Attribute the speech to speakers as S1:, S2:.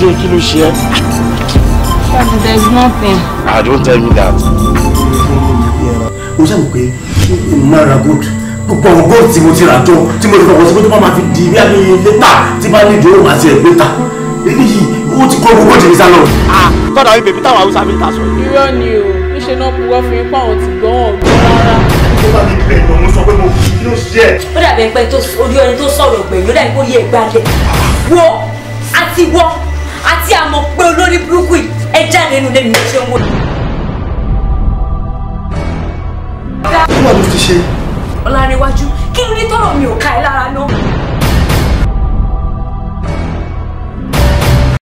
S1: ló dé kí ló ṣe ẹ́. Daddy, there is nothing. Ah, don't tell me that. Mo ṣàmù pé ìmọ̀ra
S2: gold gbogbo àwọn gold tí mo ti rà jọ tí mo ti fọwọ́ sí pé tó bá máa fi di bí àmì lẹ́tà tí bá ní ìdíwọ́ àti ẹ̀gbẹ́ta. Eléyìí ó ti kó gbogbo jìnnì sálọ. Ah, tọ́da mi bèbí táwọn Haúsá mi ta sọ. Irọ́ ni o, níṣẹ́ náà buwọ́ fún ipá àwọn ti gbọ́ wọn gbọ́ rárá. Ó bá mi bẹ̀rẹ̀ ìgbọ̀n mo sọ pé mo kí ló ṣe ẹ̀.
S3: Ó dàbí ẹgbẹ́ tó orí ọni tó sọ̀rọ̀ pẹ̀lú ó dàbí kó yẹ ìgbàlẹ̀. E Wo àti wọ́ olórí burúkú yìí ẹ jáde nínú lẹ́nu ṣé ń wò. ti ṣe. ọ̀làrẹ̀wájú kí ló ní mi ò ká